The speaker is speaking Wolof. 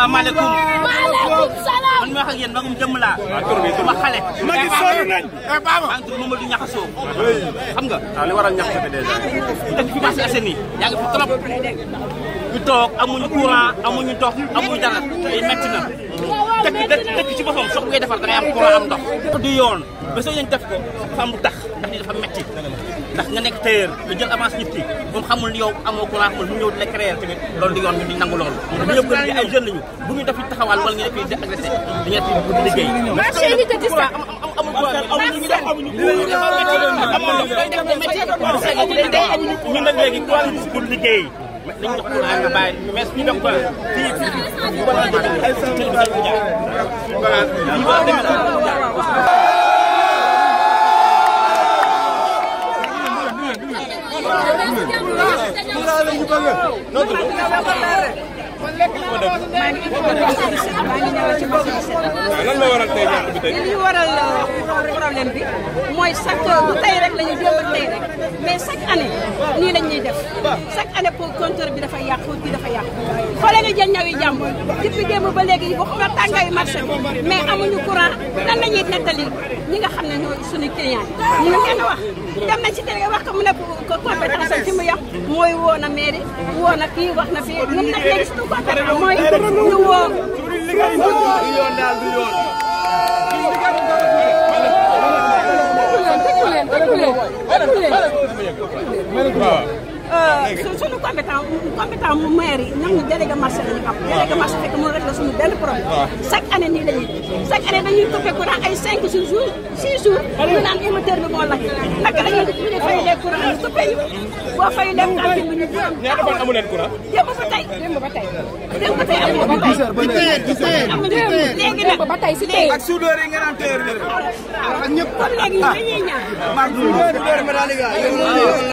asalaamaaleykum. maaleykum salaam. man mi wax ak yéen magum jëmm laa. ma xale. ma ngi eh, sonn nañ. Eh, maa ngi tudd Mamadou Niakhasso. xam nga. waaw ah, li waral ñax bi dèjà. dëkk fi Parcelles Assainies yaa ngi fi trop. ñu toog amuñu courant amuñu ndox amuñu dara. tey métti na. dëkk dëkk dëkk ci boppam sox ngay defar da ngay am courant am ndox. du yoon. ba soo leen def ko dafa am lu tax ndax li dafa metti ndax nga nekk tailleur nga jël avance moom xamul yow amoo courant xamul mu ñëw di la créer tamit loolu di yoon ñu di nangu loolu ñu ñëpp gën ay jeunes lañu ñu dafi taxawal wala ñu defi di agressé di nga fi di liggéey amul courant ñu nag léegi courant pour liggéey nañ jox courant nga bàyyi mais ñu dem courant fii lan waral problème bi mooy chaque bu tey rek la ñu a tey rek mais chaque année nii lañ ñuy def chaque année pour compteur bi dafa yàqu bi dafa yàqu. teel a ñawi jàmm depuis démb ba léegi bu xoolal tàngaayu marché bi amuñu courant nan la ñuy nettali ñi nga xam ne ñooy suñu client yi. ñu leen wax dem nañ ci télé wax ko mu ne ko compétence ci mu yam mooy woo na mairie woo na kii wax na fii ñun nag léegi suñu compétence mooy ñu woo. du yoon suñu compétent compétent mu maire yi ñoom ñu délégué marché lañu am délégué marché fekk mënu rek la suñu benn problème chaque année nii lañuy chaque année dañuy coupé courant ay cinq jours six jours ñu naan émetteur bi moo lakk naka la ñuy fay lee courant yi coupé ñu boo fay dem kantin bi ñu ñaata fan amu leen courant démb ba tey démb ba tey démb ba tey amu ba tey amuñu léegi nag ba tey si tey ak soudeur yi nga naan téer ak ñëpp comme léegi ñu ah. dañuy ñaan